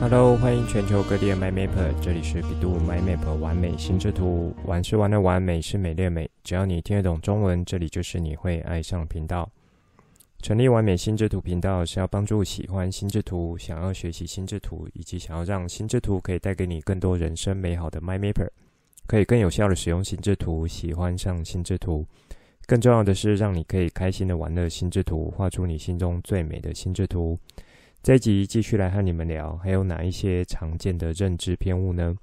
Hello，歡迎全球各地的 MyMapper，這裡是 bEDU MyMapper 玩美心智圖，玩是玩樂的玩，美是美麗的美。只要你聽得懂中文，這裡就是你會愛上的頻道。成立玩美心智圖頻道是要幫助喜歡心智圖、想要學習心智圖，以及想要讓心智圖可以帶給你更多人生美好的 MyMapper，可以更有效地使用心智圖，喜歡上心智圖。更重要的是，讓你可以開心地玩樂心智圖，畫出你心中最美的心智圖。這一集繼續來和你們聊，還有哪一些常見的認知偏誤呢？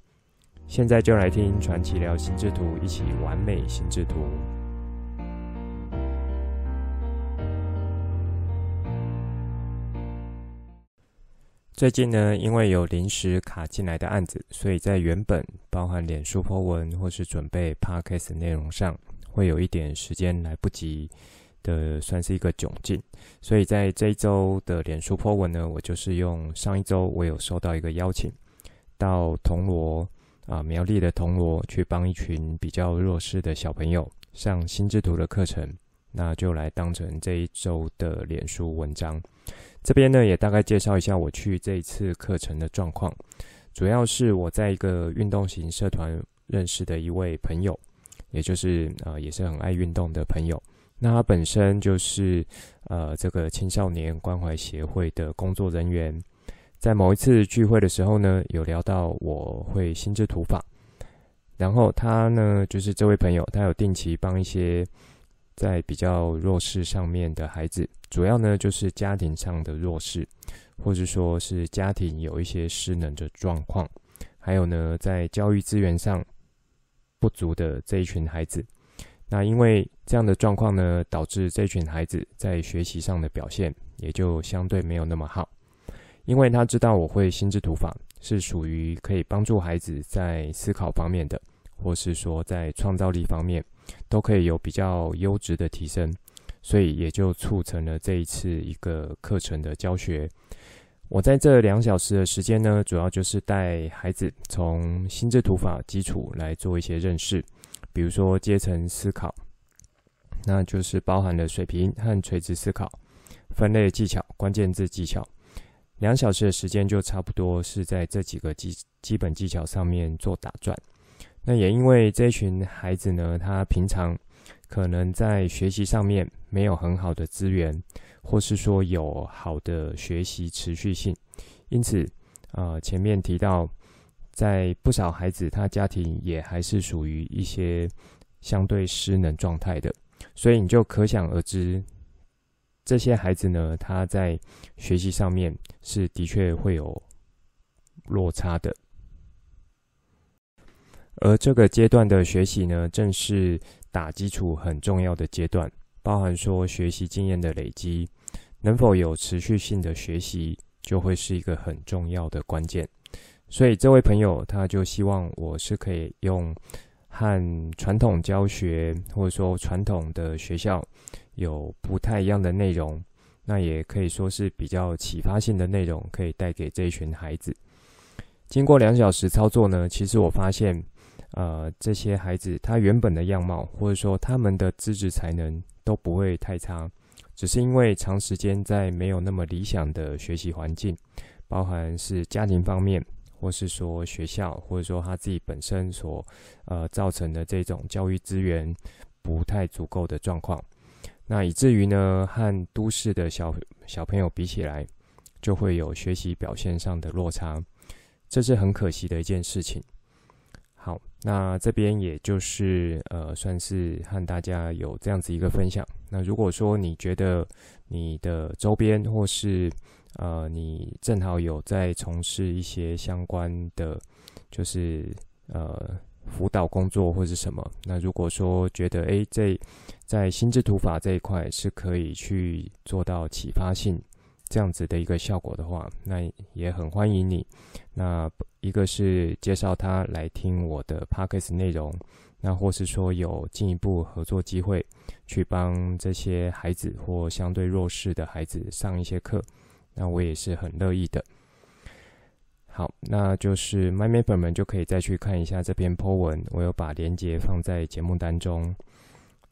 現在就來聽傳奇聊心智圖，一起玩美心智圖。最近呢，因為有臨時卡進來的案子，所以在原本包含臉書 po 文或是準備 podcast 內容上，會有一點時間來不及。的算是一個窘境，所以在這一周的臉書 po 文呢，我就是用上一周我有收到一個邀請，到銅鑼啊苗栗的銅鑼去幫一群比較弱勢的小朋友上心智圖的課程，那就來當成這一周的臉書文章。這邊呢也大概介紹一下我去這一次課程的狀況，主要是我在一個運動型社團認識的一位朋友，也就是啊也是很愛運動的朋友。那他本身就是，呃，這個青少年關懷協會的工作人員，在某一次聚會的時候呢，有聊到我會心智圖法，然後他呢，就是這位朋友，他有定期幫一些在比較弱勢上面的孩子，主要呢就是家庭上的弱勢，或者說是家庭有一些失能的狀況，還有呢，在教育資源上不足的這一群孩子。那因為這樣的狀況呢，導致這群孩子在學習上的表現也就相對沒有那麼好。因為他知道我會心智圖法，是屬於可以幫助孩子在思考方面的，或是說在創造力方面，都可以有比較優質的提升。所以也就促成了這一次一個課程的教學。我在這兩小時的時間呢，主要就是帶孩子從心智圖法基礎來做一些認識。比如說，階層思考，那就是包含了水平和垂直思考、分類技巧、關鍵字技巧。兩小時的時間就差不多是在這幾個基基本技巧上面做打轉。那也因為這群孩子呢，他平常可能在學習上面沒有很好的資源，或是說有好的學習持續性，因此，呃，前面提到。在不少孩子，他家庭也還是屬於一些相對失能狀態的，所以你就可想而知，這些孩子呢，他在學習上面是的確會有落差的。而這個階段的學習呢，正是打基礎很重要的階段，包含說學習經驗的累積，能否有持續性的學習，就會是一個很重要的關鍵。所以這位朋友他就希望我是可以用和傳統教學或者說傳統的學校有不太一樣的內容，那也可以說是比較啟發性的內容，可以帶給這一群孩子。經過兩小時操作呢，其實我發現，呃，這些孩子他原本的樣貌或者說他們的資質才能都不會太差，只是因為長時間在沒有那麼理想的學習環境，包含是家庭方面。或是說學校，或者說他自己本身所呃造成的這種教育資源不太足夠的狀況，那以至於呢，和都市的小小朋友比起來，就會有學習表現上的落差，這是很可惜的一件事情。好，那這邊也就是呃算是和大家有這樣子一個分享。那如果說你覺得你的周邊或是呃，你正好有在從事一些相關的，就是呃輔導工作或是什麼？那如果說覺得哎，這在心智圖法這一塊是可以去做到啟發性這樣子的一個效果的話，那也很歡迎你。那一個是介紹他來聽我的 Podcast 內容，那或是說有進一步合作機會，去幫這些孩子或相對弱勢的孩子上一些課。那我也是很樂意的。好，那就是 Mindmapper 們就可以再去看一下這篇 po 文，我有把連結放在節目當中。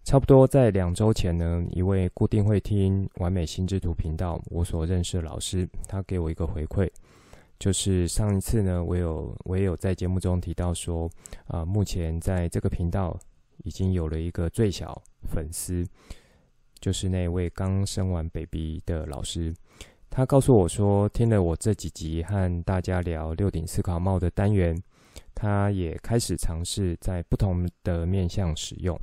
差不多在兩周前呢，一位固定會聽玩美心智圖頻道我所認識的老師，他給我一個回饋，就是上一次呢，我有我也有在節目中提到說，啊、呃，目前在這個頻道已經有了一個最小粉絲，就是那位剛生完 baby 的老師。他告訴我說，聽了我這幾集和大家聊六頂思考帽的單元，他也開始嘗試在不同的面向使用。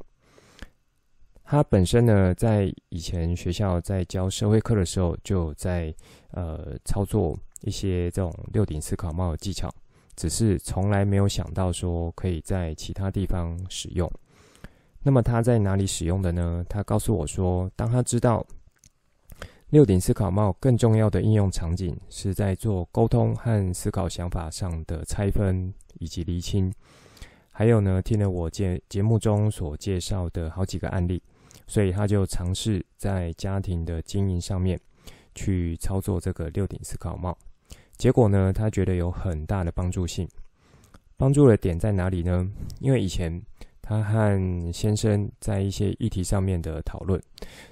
他本身呢，在以前學校在教社會課的時候，就在呃操作一些這種六頂思考帽的技巧，只是從來沒有想到說可以在其他地方使用。那麼他在哪裡使用的呢？他告訴我說，當他知道。六頂思考帽更重要的應用場景是在做溝通和思考想法上的拆分以及釐清。還有呢，聽了我節節目中所介紹的好幾個案例，所以他就嘗試在家庭的經營上面去操作這個六頂思考帽。結果呢，他覺得有很大的幫助性。幫助的點在哪裡呢？因為以前……他和先生在一些議題上面的討論，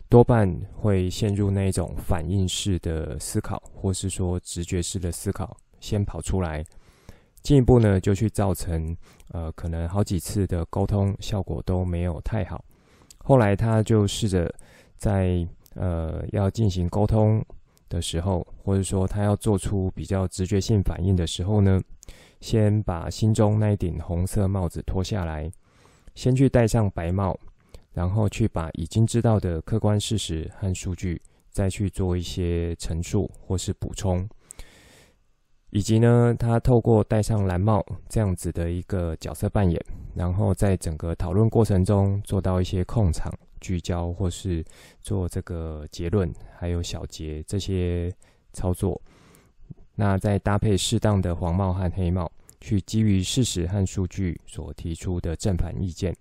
多半會陷入那一種反應式的思考，或是說直覺式的思考，先跑出來，進一步呢就去造成呃可能好幾次的溝通效果都沒有太好。後來他就試着在呃要進行溝通的時候，或者說他要做出比較直覺性反應的時候呢，先把心中那一頂紅色帽子脫下來。先去戴上白帽，然後去把已經知道的客觀事實和數據，再去做一些陳述或是補充。以及呢，他透過戴上藍帽這樣子的一個角色扮演，然後在整個討論過程中做到一些控場、聚焦或是做這個結論，還有小結這些操作。那再搭配適當的黃帽和黑帽。去基於事實和數據所提出的正反意見，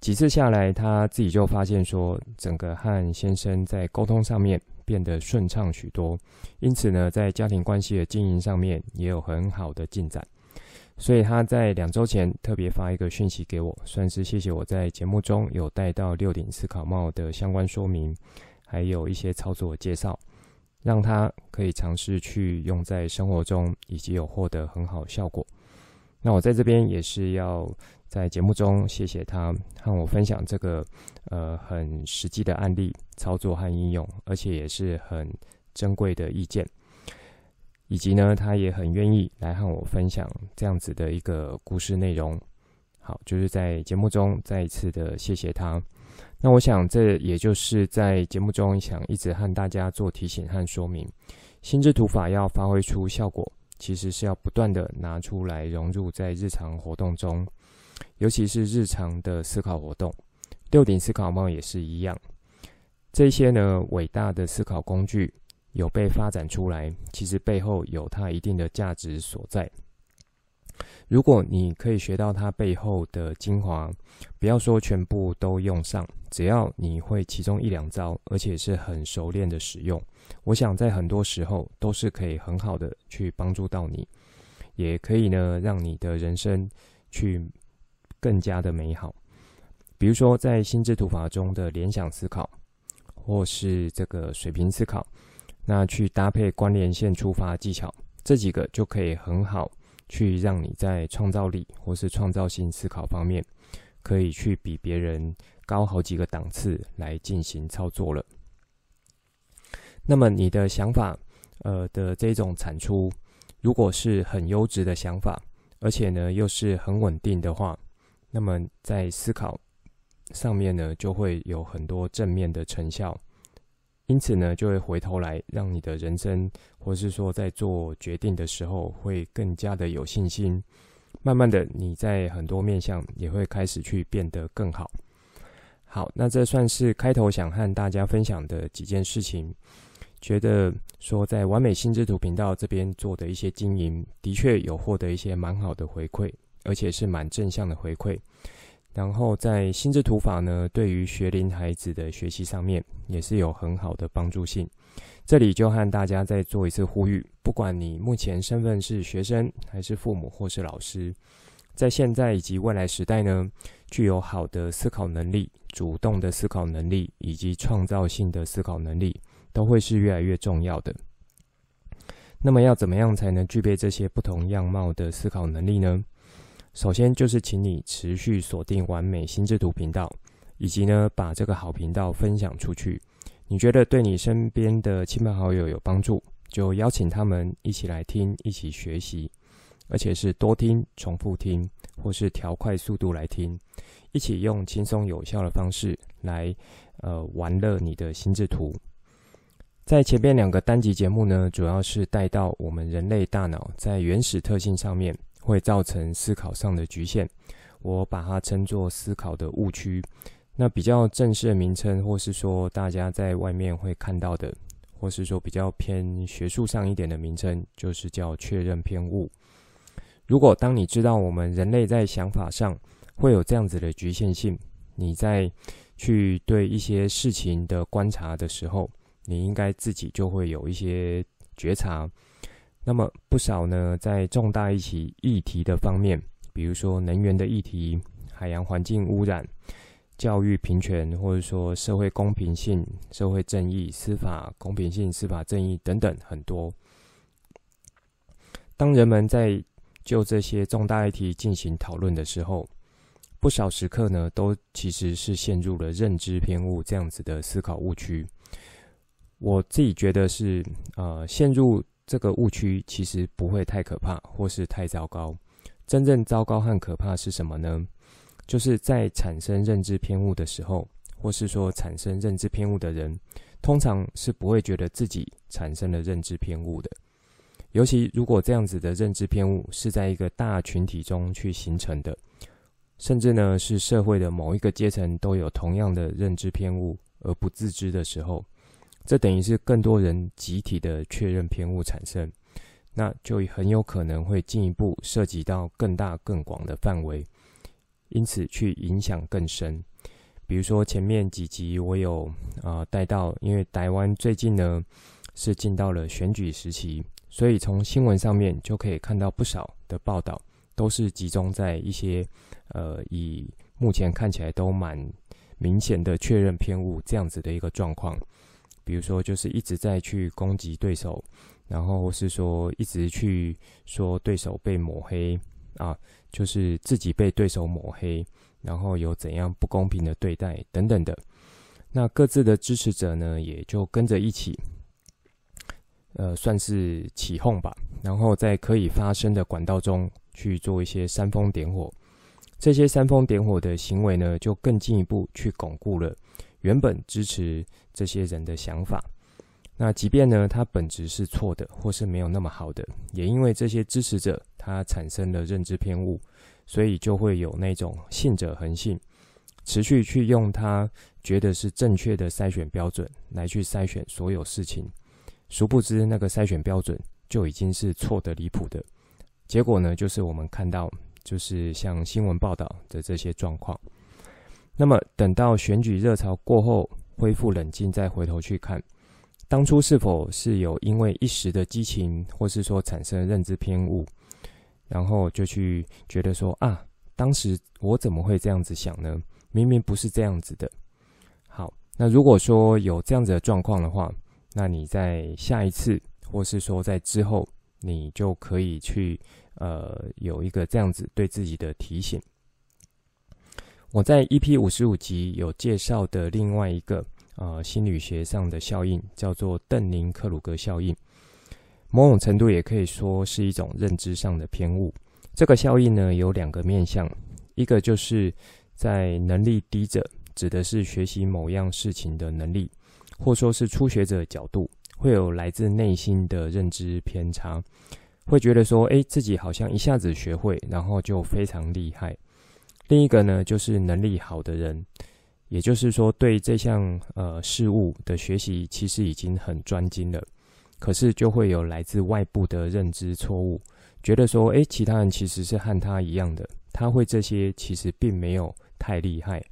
幾次下來，他自己就發現說，整個和先生在溝通上面變得順暢許多。因此呢，在家庭關係的經營上面也有很好的進展。所以他在兩周前特別發一個訊息給我，算是謝謝我在節目中有帶到六頂思考帽的相關說明，還有一些操作介紹。讓他可以嘗試去用在生活中，以及有獲得很好效果。那我在這邊也是要在節目中謝謝他和我分享這個呃很實際的案例操作和應用，而且也是很珍貴的意見，以及呢，他也很願意來和我分享這樣子的一個故事內容。好，就是在節目中再一次的謝謝他。那我想，這也就是在節目中想一直和大家做提醒和說明：心智圖法要發揮出效果，其實是要不斷的拿出來融入在日常活動中，尤其是日常的思考活動。六頂思考帽也是一樣。這些呢，偉大的思考工具有被發展出來，其實背後有它一定的價值所在。如果你可以學到它背後的精華，不要說全部都用上，只要你會其中一兩招，而且是很熟練的使用，我想在很多時候都是可以很好的去幫助到你，也可以呢讓你的人生去更加的美好。比如說在心智圖法中的聯想思考，或是這個水平思考，那去搭配關聯線觸發技巧，這幾個就可以很好。去讓你在創造力或是創造性思考方面，可以去比別人高好幾個檔次來進行操作了。那麼你的想法，呃的這種產出，如果是很優質的想法，而且呢又是很穩定的話，那麼在思考上面呢，就會有很多正面的成效。因此呢，就會回頭來，讓你的人生，或是說在做決定的時候，會更加的有信心。慢慢的，你在很多面向也會開始去變得更好。好，那這算是開頭想和大家分享的幾件事情。覺得說在玩美心智圖頻道這邊做的一些經營，的確有獲得一些蠻好的回饋，而且是蠻正向的回饋。然後，在心智圖法呢，對於學齡孩子的學習上面也是有很好的幫助性。這裡就和大家再做一次呼籲，不管你目前身份是學生，還是父母，或是老師，在現在以及未來時代呢，具有好的思考能力、主動的思考能力以及創造性的思考能力，都會是越來越重要的。那麼，要怎麼樣才能具備這些不同樣貌的思考能力呢？首先就是請你持續鎖定完美心智圖頻道，以及呢把這個好頻道分享出去。你覺得對你身邊的親朋好友有幫助，就邀請他們一起來聽，一起學習，而且是多聽、重複聽，或是調快速度來聽，一起用輕鬆有效的方式來呃玩樂你的心智圖。在前面兩個單集節目呢，主要是帶到我們人類大腦在原始特性上面，會造成思考上的局限，我把它稱作思考的誤區。那比較正式的名稱，或是說大家在外面會看到的，或是說比較偏學術上一點的名稱，就是叫確認偏誤。如果當你知道我們人類在想法上會有這樣子的局限性，你在去對一些事情的觀察的時候，你應該自己就會有一些覺察。那麼不少呢，在重大一起議題的方面，比如說能源的議題、海洋環境污染、教育平權，或者說社會公平性、社會正義、司法公平性、司法正義等等很多。當人們在就這些重大議題進行討論的時候，不少時刻呢，都其實是陷入了認知偏誤這樣子的思考誤區。我自己覺得是，呃，陷入。這個誤區其實不會太可怕，或是太糟糕。真正糟糕和可怕是什麼呢？就是在產生認知偏誤的時候，或是說產生認知偏誤的人，通常是不會覺得自己產生了認知偏誤的。尤其如果這樣子的認知偏誤是在一個大群體中去形成的，甚至呢，是社會的某一個階層都有同樣的認知偏誤而不自知的時候。這等於是更多人集體的確認偏誤產生，那就很有可能會進一步涉及到更大更廣的範圍，因此去影響更深。比如說前面幾集我有啊、呃、帶到，因為台灣最近呢是進到了選舉時期，所以從新聞上面就可以看到不少的報道，都是集中在一些呃以目前看起來都蠻明顯的確認偏誤這樣子的一個狀況。比如說，就是一直在去攻擊對手，然後是說一直去說對手被抹黑啊，就是自己被對手抹黑，然後有怎樣不公平的對待等等的。那各自的支持者呢，也就跟着一起，呃，算是起哄吧。然後在可以發聲的管道中去做一些煽風點火，這些煽風點火的行為呢，就更進一步去鞏固了。原本支持這些人的想法，那即便呢，他本質是錯的，或是沒有那麼好的，也因為這些支持者他產生了認知偏誤，所以就會有那種信者恆信，持續去用他覺得是正確的篩選標準來去篩選所有事情，殊不知那個篩選標準就已經是錯得離譜的，結果呢，就是我們看到就是像新聞報道的這些狀況。那麼等到選舉熱潮過後，恢復冷靜再回頭去看，當初是否是有因為一時的激情，或是說產生認知偏誤，然後就去覺得說啊，當時我怎麼會這樣子想呢？明明不是這樣子的。好，那如果說有這樣子的狀況的話，那你在下一次，或是說在之後，你就可以去，呃，有一個這樣子對自己的提醒。我在 EP 五十五集有介紹的另外一個呃心理學上的效應叫做鄧寧克魯格效應，某種程度也可以說是一種認知上的偏誤。這個效應呢，有兩個面向，一個就是在能力低者，指的是學習某樣事情的能力，或說是初學者角度，會有來自內心的認知偏差，會覺得說，誒，自己好像一下子學會，然後就非常厲害。另一個呢，就是能力好的人，也就是說，對這項呃事物的學習其實已經很專精了，可是就會有來自外部的認知錯誤，覺得說，哎，其他人其實是和他一樣的，他會這些其實並沒有太厲害，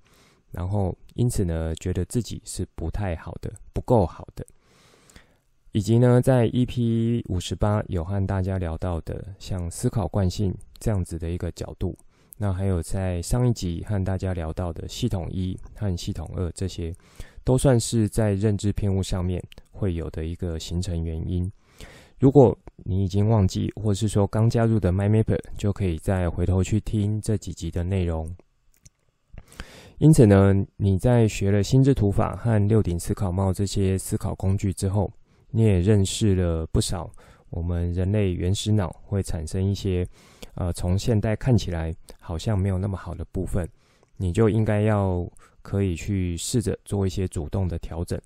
然後因此呢，覺得自己是不太好的，不夠好的，以及呢，在 EP 58有和大家聊到的，像思考慣性這樣子的一個角度。那還有在上一集和大家聊到的系統一和系統二，這些都算是在認知偏誤上面會有的一個形成原因。如果你已經忘記，或者是說剛加入的 MyMapper，就可以再回頭去聽這幾集的內容。因此呢，你在學了心智圖法和六頂思考帽這些思考工具之後，你也認識了不少我們人類原始腦會產生一些。呃，從現代看起來好像沒有那麼好的部分，你就應該要可以去試着做一些主動的調整。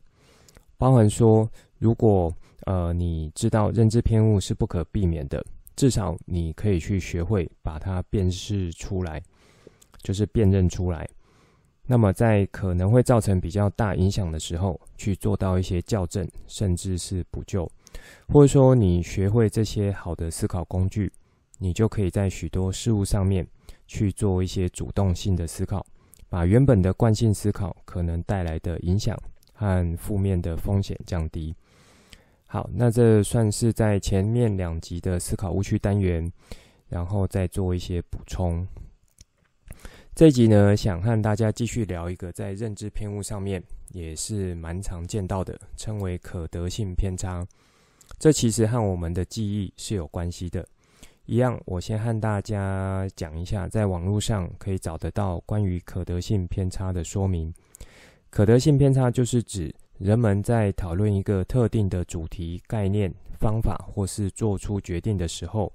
包含說，如果呃你知道認知偏誤是不可避免的，至少你可以去學會把它辨識出來，就是辨認出來。那麼在可能會造成比較大影響的時候，去做到一些校正，甚至是補救，或者說你學會這些好的思考工具。你就可以在許多事物上面去做一些主動性的思考，把原本的慣性思考可能帶來的影響和負面的風險降低。好，那這算是在前面兩集的思考誤區單元，然後再做一些補充。這一集呢，想和大家繼續聊一個在認知偏誤上面也是蠻常見到的，稱為可得性偏差。這其實和我們的記憶是有關係的。一樣，我先和大家講一下，在網絡上可以找得到關於可得性偏差的說明。可得性偏差就是指人們在討論一個特定的主題、概念、方法，或是做出決定的時候，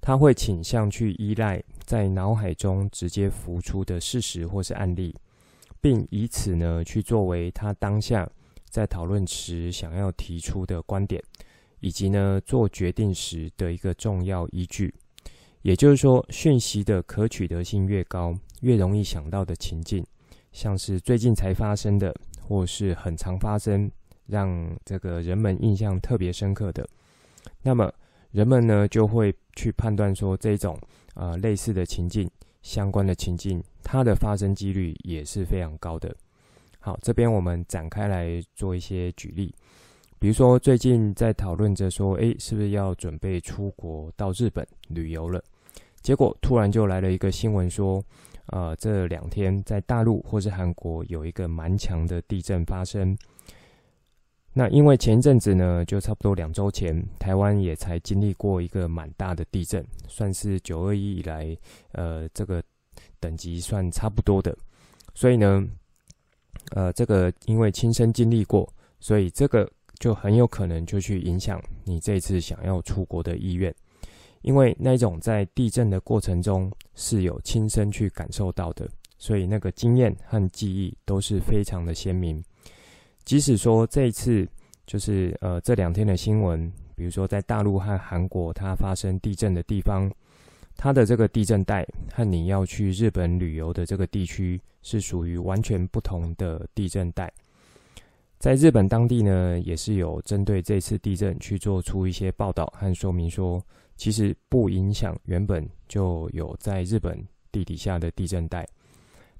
他會傾向去依賴在腦海中直接浮出的事實或是案例，並以此呢去作為他當下在討論時想要提出的觀點。以及呢，做決定時的一個重要依據，也就是說，訊息的可取得性越高，越容易想到的情境，像是最近才發生的或是很常發生，讓這個人們印象特別深刻的，那麼人們呢就會去判斷說，這種啊、呃、類似的情境相關的情境，它的發生幾率也是非常高的。好，這邊我們展開來做一些舉例。比如說，最近在討論着說，誒，是不是要準備出國到日本旅遊了？結果突然就來了一個新聞說，呃，這兩天在大陸或是韓國有一個蠻強的地震發生。那因為前一陣子呢，就差不多兩周前，台灣也才經歷過一個蠻大的地震，算是九二一以來，呃，這個等級算差不多的。所以呢，呃，這個因為親身經歷過，所以這個。就很有可能就去影響你這次想要出國的意願，因為那種在地震的過程中是有親身去感受到的，所以那個經驗和記憶都是非常的鮮明。即使說這一次，就是，呃，這兩天的新聞，比如說在大陸和韓國它發生地震的地方，它的這個地震帶和你要去日本旅遊的這個地區是屬於完全不同的地震帶。在日本當地呢，也是有針對這次地震去做出一些報道和說明說，說其實不影響原本就有在日本地底下的地震帶。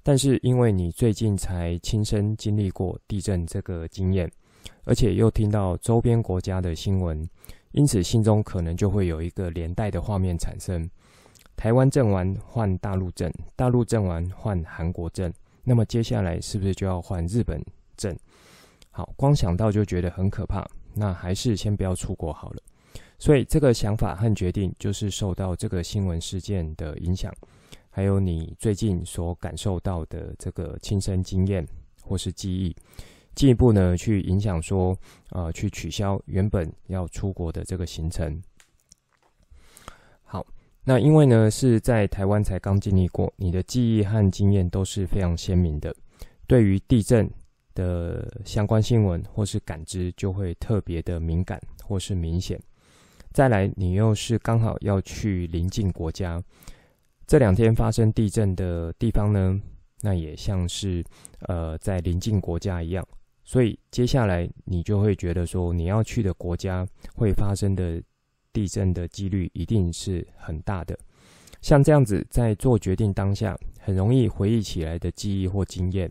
但是因為你最近才親身經歷過地震這個經驗，而且又聽到周邊國家的新聞，因此心中可能就會有一個連帶的畫面產生：台灣震完換大陸震，大陸震完換韓國震，那麼接下來是不是就要換日本震？好，光想到就覺得很可怕，那還是先不要出國好了。所以這個想法和決定，就是受到這個新聞事件的影響，還有你最近所感受到的這個親身經驗或是記憶，進一步呢去影響說，呃，去取消原本要出國的這個行程。好，那因為呢是在台灣才剛經歷過，你的記憶和經驗都是非常鮮明的，對於地震。的相關新聞或是感知就會特別的敏感或是明顯。再來，你又是剛好要去鄰近國家，這兩天發生地震的地方呢，那也像是呃在鄰近國家一樣，所以接下來你就會覺得說你要去的國家會發生的地震的幾率一定是很大的。像這樣子，在做決定當下，很容易回憶起來的記憶或經驗。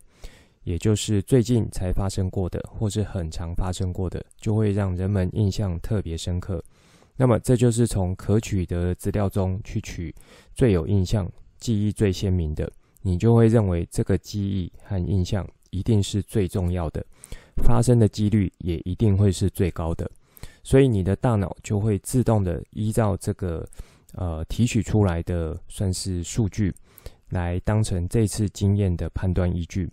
也就是最近才發生過的，或是很常發生過的，就會讓人們印象特別深刻。那麼，這就是從可取的資料中去取最有印象、記憶最鮮明的，你就會認為這個記憶和印象一定是最重要的，發生的幾率也一定會是最高的。所以，你的大腦就會自動的依照這個呃提取出來的算是數據，來當成這次經驗的判斷依據。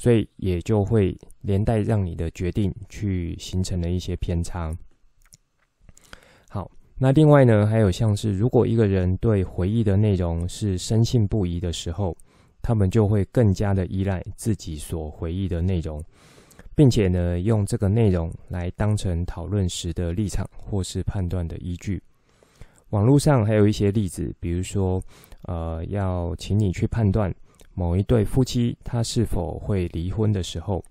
所以也就會連帶讓你的決定去形成了一些偏差。好，那另外呢，還有像是如果一個人對回憶的內容是深信不疑的時候，他們就會更加的依賴自己所回憶的內容，並且呢，用這個內容來當成討論時的立場或是判斷的依據。網絡上還有一些例子，比如說，呃，要請你去判斷，某一對夫妻，他是否會離婚的時候，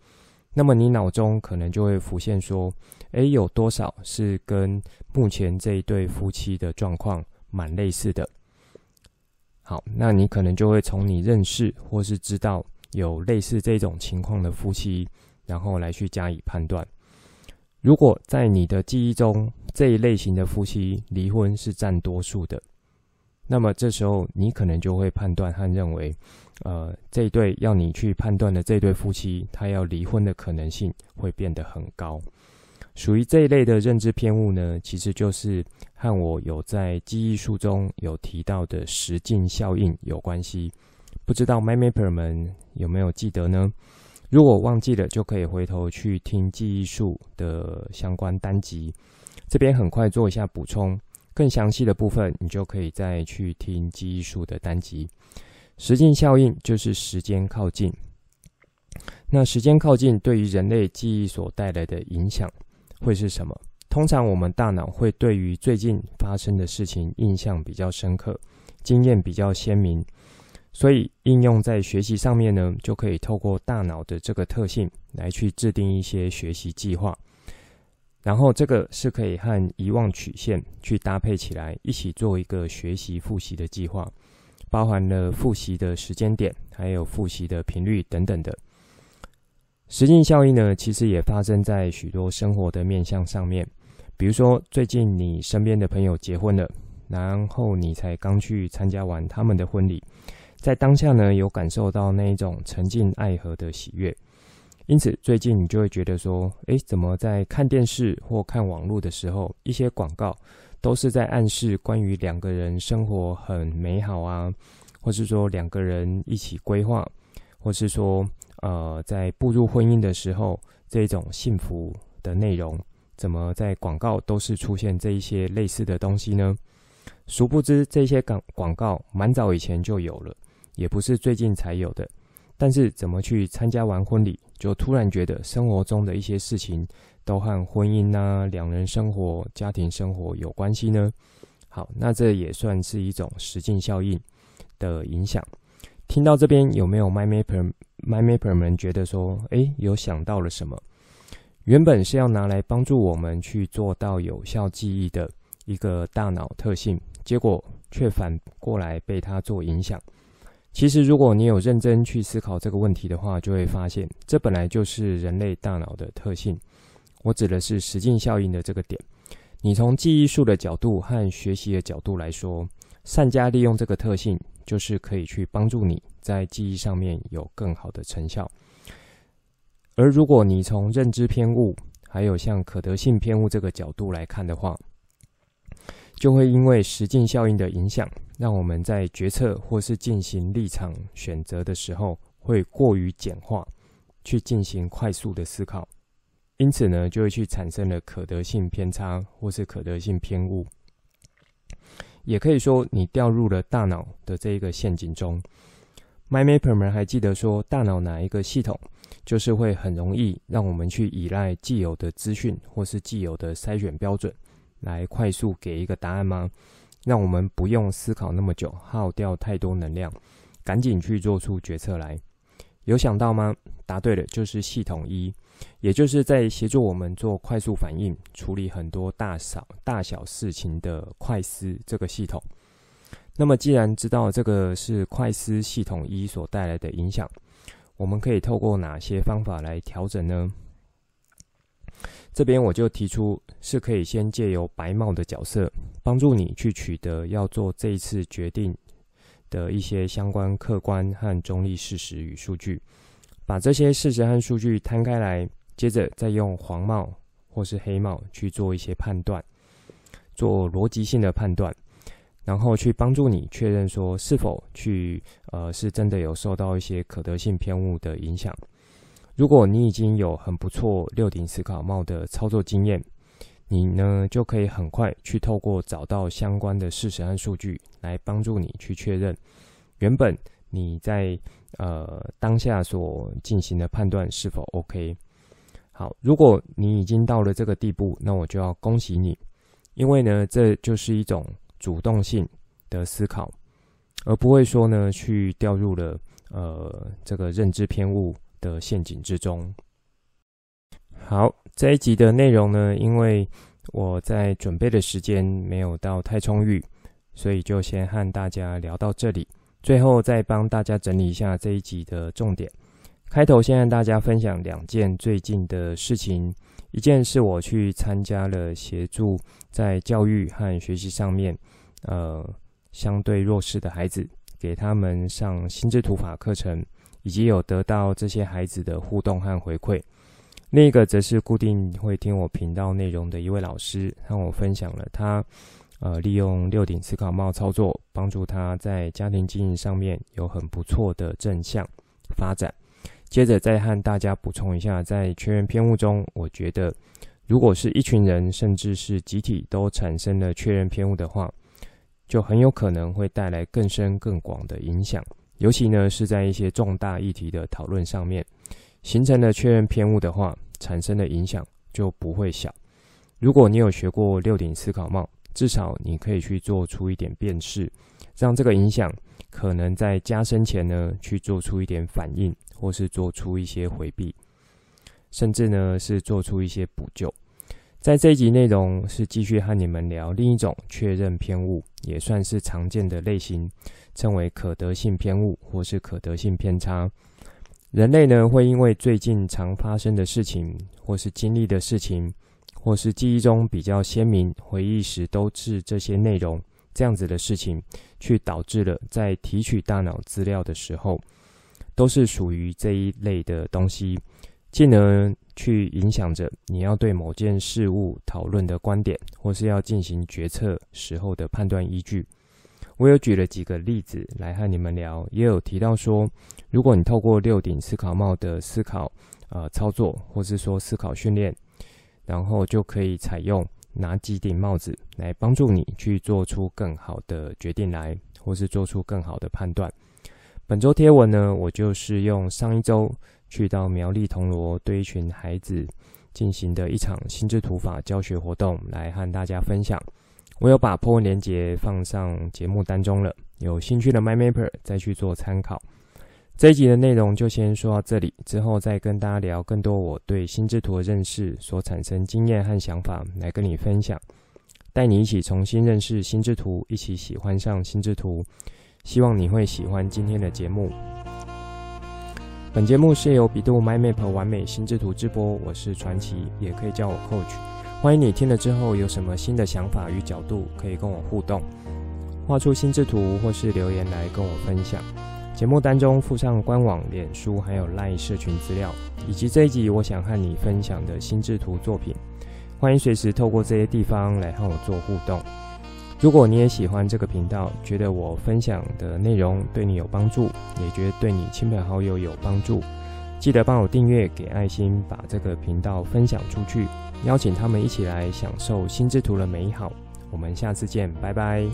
那麼你腦中可能就會浮現說，哎，有多少是跟目前這一對夫妻的狀況蠻類似的。好，那你可能就會從你認識或是知道有類似這種情況的夫妻，然後來去加以判斷。如果在你的記憶中，這一類型的夫妻離婚是佔多數的。那麼這時候，你可能就會判斷和認為，呃，這一對要你去判斷的這對夫妻，他要離婚的可能性會變得很高。屬於這一類的認知偏誤呢，其實就是和我有在記憶術中有提到的實境效應有關係。不知道 MyMapper 們有沒有記得呢？如果忘記了，就可以回頭去聽記憶術的相關單集。這邊很快做一下補充。更詳細的部分，你就可以再去聽記憶術的單集。時近效應就是時間靠近，那時間靠近對於人類記憶所帶來的影響會是什麼？通常我們大腦會對於最近發生的事情印象比較深刻，經驗比較鮮明，所以應用在學習上面呢，就可以透過大腦的這個特性來去制定一些學習計劃。然後這個是可以和遺忘曲線去搭配起來，一起做一個學習複習的計劃，包含了複習的時間點，還有複習的頻率等等的。實際效應呢，其實也發生在許多生活的面向上面，比如說最近你身邊的朋友結婚了，然後你才剛去參加完他們的婚禮，在當下呢，有感受到那一種沉浸愛河的喜悅。因此，最近你就會覺得說：“誒，怎麼在看電視或看網絡的時候，一些廣告都是在暗示關於兩個人生活很美好啊，或是說兩個人一起規劃，或是說呃在步入婚姻的時候，這種幸福的內容，怎麼在廣告都是出現這一些類似的東西呢？”殊不知，這些廣廣告蠻早以前就有了，也不是最近才有的。但是，怎麼去參加完婚禮？就突然覺得生活中的一些事情都和婚姻吶、啊、兩人生活、家庭生活有關係呢。好，那這也算是一種實境效應的影響。聽到這邊有沒有 My Mapper My Mapper 們覺得說，哎，有想到了什麼？原本是要拿來幫助我們去做到有效記憶的一個大腦特性，結果卻反過來被它做影響。其實，如果你有認真去思考這個問題的話，就會發現，這本來就是人類大腦的特性。我指的是時近效應的這個點。你從記憶術的角度和學習的角度來說，善加利用這個特性，就是可以去幫助你在記憶上面有更好的成效。而如果你從認知偏誤，還有像可得性偏誤這個角度來看的話，就會因為時近效應的影響。讓我們在決策或是進行立場選擇的時候，會過於簡化，去進行快速的思考，因此呢，就會去產生了可得性偏差或是可得性偏誤。也可以說，你掉入了大腦的這一個陷阱中。MyMaper 們還記得說，大腦哪一個系統就是會很容易讓我們去依賴既有的資訊或是既有的篩選標準，來快速給一個答案嗎？讓我們不用思考那麼久，耗掉太多能量，趕緊去做出決策來。有想到嗎？答對了，就是系統一，也就是在協助我們做快速反應，處理很多大小大小事情的快思這個系統。那麼，既然知道這個是快思系統一所帶來的影響，我們可以透過哪些方法來調整呢？這邊我就提出，是可以先借由白帽的角色，幫助你去取得要做這一次決定的一些相關客觀和中立事實與數據，把這些事實和數據攤開來，接着再用黃帽或是黑帽去做一些判斷，做邏輯性的判斷，然後去幫助你確認說是否去呃是真的有受到一些可得性偏誤的影響。如果你已經有很不錯六頂思考帽的操作經驗，你呢就可以很快去透過找到相關的事實和數據來幫助你去確認原本你在呃當下所進行的判斷是否 OK。好，如果你已經到了這個地步，那我就要恭喜你，因為呢這就是一種主動性的思考，而不會說呢去掉入了呃這個認知偏誤。的陷阱之中。好，這一集的內容呢，因為我在準備的時間沒有到太充裕，所以就先和大家聊到這裡，最後再幫大家整理一下這一集的重點。開頭先和大家分享兩件最近的事情，一件是我去參加了協助在教育和學習上面，呃，相對弱勢的孩子，給他們上心智圖法課程。以及有得到這些孩子的互動和回饋，另、那、一個則是固定會聽我頻道內容的一位老師，和我分享了他，呃，利用六頂思考帽操作，幫助他在家庭經營上面有很不錯的正向發展。接着再和大家補充一下，在確認偏誤中，我覺得如果是一群人，甚至是集體都產生了確認偏誤的話，就很有可能會帶來更深更廣的影響。尤其呢，是在一些重大議題的討論上面，形成了確認偏誤的話，產生的影響就不會小。如果你有學過六頂思考帽，至少你可以去做出一點辨識，讓這個影響可能在加深前呢，去做出一點反應，或是做出一些回避，甚至呢是做出一些補救。在這一集內容是繼續和你們聊另一種確認偏誤，也算是常見的類型，稱為可得性偏誤或是可得性偏差。人類呢，會因為最近常發生的事情，或是經歷的事情，或是記憶中比較鮮明，回憶時都是這些內容，這樣子的事情，去導致了在提取大腦資料的時候，都是屬於這一類的東西。進而去影響着你要對某件事物討論的觀點，或是要進行決策時候的判斷依據。我有舉了幾個例子來和你們聊，也有提到說，如果你透過六頂思考帽的思考呃操作，或是說思考訓練，然後就可以採用哪幾頂帽子來幫助你去做出更好的決定來，或是做出更好的判斷。本周貼文呢，我就是用上一周。去到苗栗銅鑼，對一群孩子進行的一場心智圖法教學活動，來和大家分享。我有把 PO 文連結放上節目當中了，有興趣的 My Mapper 再去做參考。這一集的內容就先說到這裡，之後再跟大家聊更多我對心智圖的認識，所產生經驗和想法來跟你分享，帶你一起重新認識心智圖，一起喜歡上心智圖。希望你會喜歡今天的節目。本節目是由 bEDU My Map 玩美心智圖製播，我是傳奇，也可以叫我 Coach。歡迎你聽了之後有什麼新的想法與角度，可以跟我互動，畫出心智圖或是留言來跟我分享。節目單中附上官網、臉書還有 LINE 社群資料，以及這一集我想和你分享的心智圖作品。歡迎隨時透過這些地方來和我做互動。如果你也喜歡這個頻道，覺得我分享的內容對你有幫助，也覺得對你親朋好友有幫助，記得幫我訂閱、給愛心、把這個頻道分享出去，邀請他們一起來享受心智圖的美好。我們下次見，拜拜。